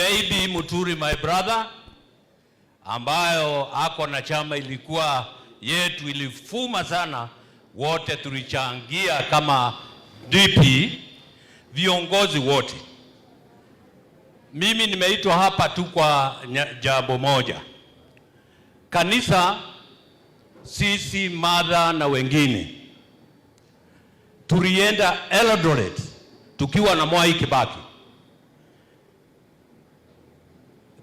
JB Muturi my brother, ambayo ako na chama ilikuwa yetu, ilifuma sana, wote tulichangia kama DP, viongozi wote. Mimi nimeitwa hapa tu kwa jambo moja, kanisa sisi madha na wengine tulienda Eldoret tukiwa na Mwai Kibaki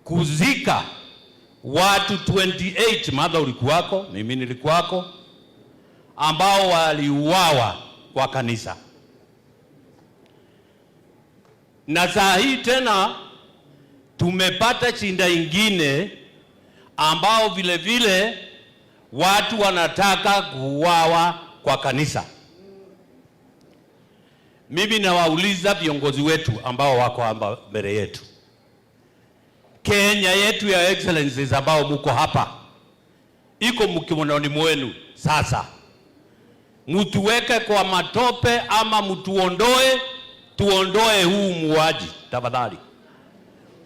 kuzika watu 28 madha ulikuwako, mimi nilikuwako, ambao waliuawa kwa kanisa. Na saa hii tena tumepata shinda ingine ambao vile vile watu wanataka kuuawa kwa kanisa. Mimi nawauliza viongozi wetu ambao wako hapa mbele yetu Kenya yetu ya excellencies ambao muko hapa iko mkimononi mwenu. Sasa mtuweke kwa matope ama mtuondoe, tuondoe huu muuaji tafadhali,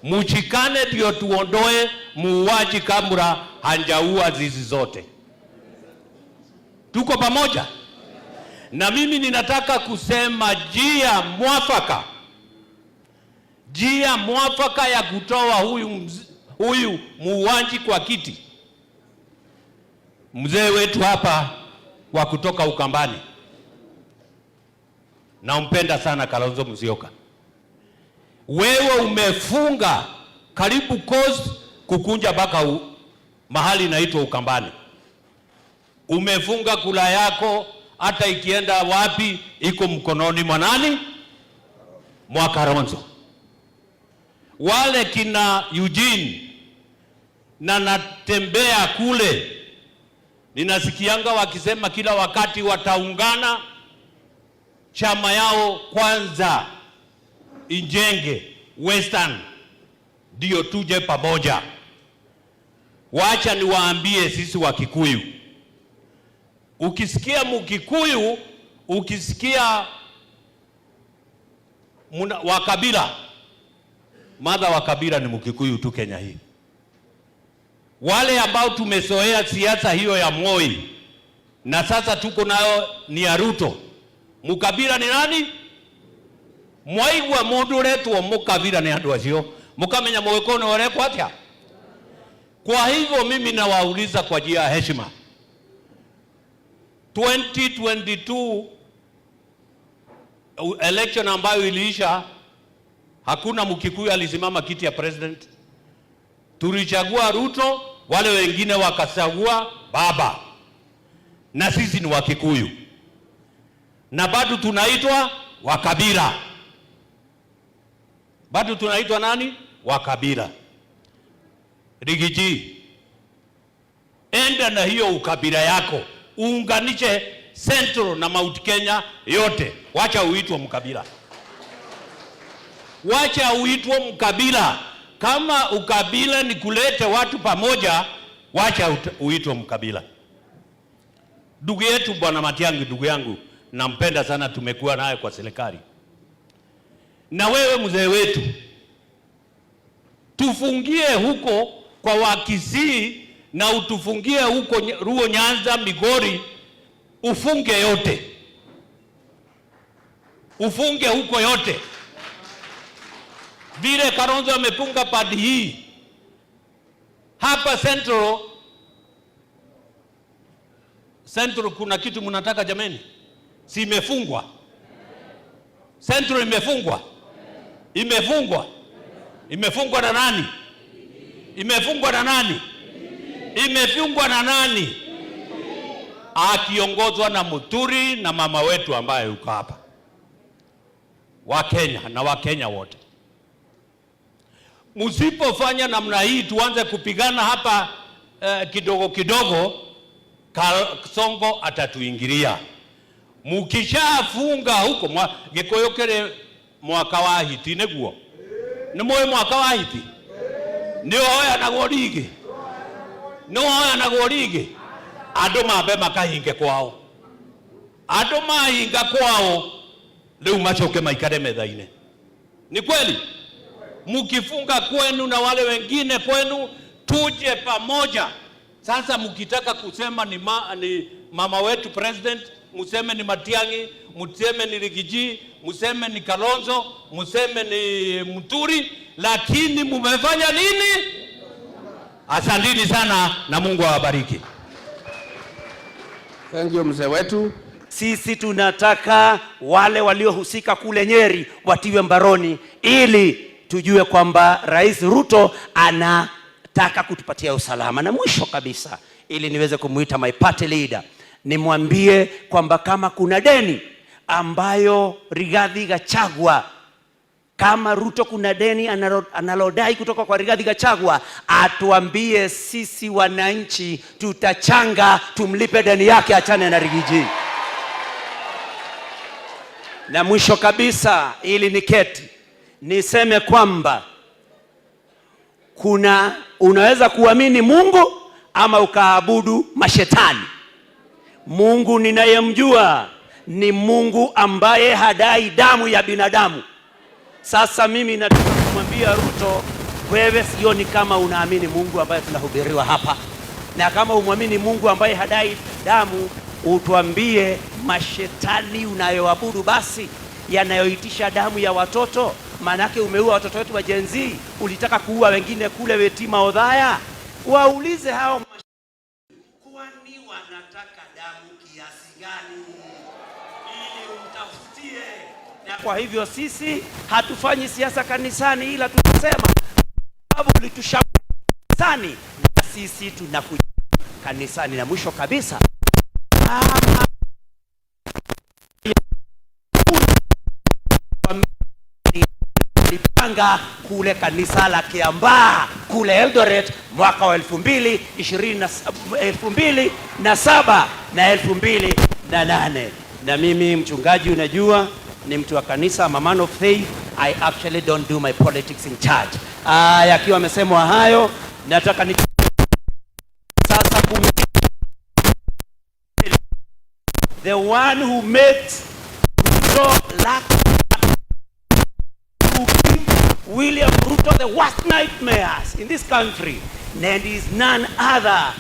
mchikane ndio tuondoe muuaji kabla hanjaua zizi zote. Tuko pamoja? Na mimi ninataka kusema jia mwafaka njia mwafaka ya kutoa huyu, huyu muuaji kwa kiti. Mzee wetu hapa wa kutoka Ukambani, nampenda sana Kalonzo Musyoka, wewe umefunga karibu kozi kukunja mpaka mahali inaitwa Ukambani, umefunga kula yako, hata ikienda wapi iko mkononi mwa nani? Mwa Kalonzo wale kina Eugene na natembea kule, ninasikianga wakisema kila wakati wataungana, chama yao kwanza ijenge Western ndio tuje pamoja. Wacha niwaambie sisi wa kikuyu ukisikia Mkikuyu, ukisikia wa kabila madha wa Kabira ni Mkikuyu tu Kenya hii. Wale ambao tumesoea siasa hiyo ya Moi na sasa tuko nayo ni ya Ruto. Mukabira ni nani? Mwaigua mundu uretwo mukabira ni andu acio mukamenya mugikoni urekwa atia. Kwa hivyo mimi nawauliza kwa njia ya heshima, 2022 uh, election ambayo iliisha Hakuna Mkikuyu alisimama kiti ya president. Tulichagua Ruto, wale wengine wakachagua Baba, na sisi ni Wakikuyu na bado tunaitwa Wakabila, bado tunaitwa nani? Wakabila. Rigiji, enda na hiyo ukabila yako, uunganishe Central na Mount Kenya yote, wacha uitwe mkabila wacha uitwe mkabila. Kama ukabila ni kulete watu pamoja, wacha uitwe mkabila. Ndugu yetu bwana Matiang'i, ndugu yangu nampenda sana, tumekuwa naye kwa serikali na wewe mzee wetu, tufungie huko kwa Wakisii na utufungie huko Ruo, Nyanza, Migori, ufunge yote, ufunge huko yote. Vile Kalonzo amepunga padi hii hapa Central, Central kuna kitu mnataka jameni? Si imefungwa Central, imefungwa imefungwa imefungwa na nani? Imefungwa na nani? Imefungwa na nani? Akiongozwa na Muturi na mama wetu ambaye yuko hapa, Wakenya na Wakenya wote msipofanya namna hii, tuanze kupigana hapa eh, kidogo kidogo, Kasongo atatuingilia. Mukishafunga huko mwa, Gikuyu mwaka wa hiti neguo ni mwe mwaka wa hiti ni oya naguo rigi ni oya naguo rigi andu mambe makahinge kwao andu mahinga kwao riu macoke maikare methaine ni kweli mkifunga kwenu na wale wengine kwenu, tuje pamoja. Sasa mkitaka kusema ni, ma, ni mama wetu president, museme ni Matiang'i, museme ni Rigiji, mseme ni Kalonzo, mseme ni Muturi, lakini mumefanya nini? Asanteni sana na Mungu awabariki. Thank you mzee wetu. Sisi tunataka wale waliohusika kule Nyeri watiwe mbaroni ili tujue kwamba Rais Ruto anataka kutupatia usalama. Na mwisho kabisa, ili niweze kumwita my party leader, nimwambie kwamba kama kuna deni ambayo Rigathi Gachagua kama Ruto kuna deni analodai kutoka kwa Rigathi Gachagua, atuambie sisi wananchi, tutachanga tumlipe deni yake, achane na Rigiji. Na mwisho kabisa, ili niketi niseme kwamba kuna unaweza kuamini Mungu ama ukaabudu mashetani. Mungu ninayemjua ni Mungu ambaye hadai damu ya binadamu. Sasa mimi nataka kumwambia Ruto, wewe sioni kama unaamini Mungu ambaye tunahubiriwa hapa, na kama umwamini Mungu ambaye hadai damu, utuambie mashetani unayoabudu basi yanayoitisha damu ya watoto maana yake umeua watoto wetu wa Gen Z, ulitaka kuua wengine kule Wetima Odhaya. Waulize hao kwani wanataka damu kiasi gani, ili umtafutie. Na kwa hivyo sisi hatufanyi siasa kanisani, ila tunasema sababu ulitushambulia kanisani, na sisi tunakuja kanisani. Na mwisho kabisa, mama kupanga kule kanisa la Kiambaa kule Eldoret mwaka wa 2027 na saba, 2008. Na na mimi mchungaji, unajua ni mtu wa kanisa, I'm a man of faith. I actually don't do my politics in church. Ah, yakiwa amesemwa hayo, nataka ni sasa kumi. The one who makes who lack William Ruto the worst nightmares in this country and is none other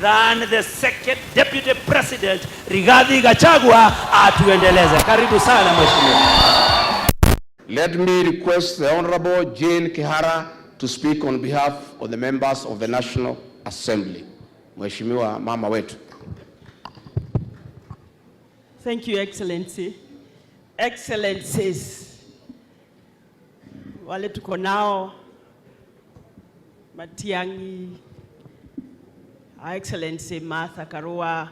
than the second deputy president Rigathi Gachagua atuendeleze. Karibu sana mheshimiwa. Let me request the honorable Jane Kihara to speak on behalf of the members of the National Assembly. Mheshimiwa mama wetu. Thank you, Excellency. Excellencies wale tuko nao Matiangi, Her Excellency Martha Karua,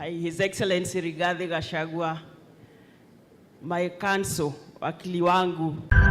His Excellency Rigathi Gachagua, my council, wakili wangu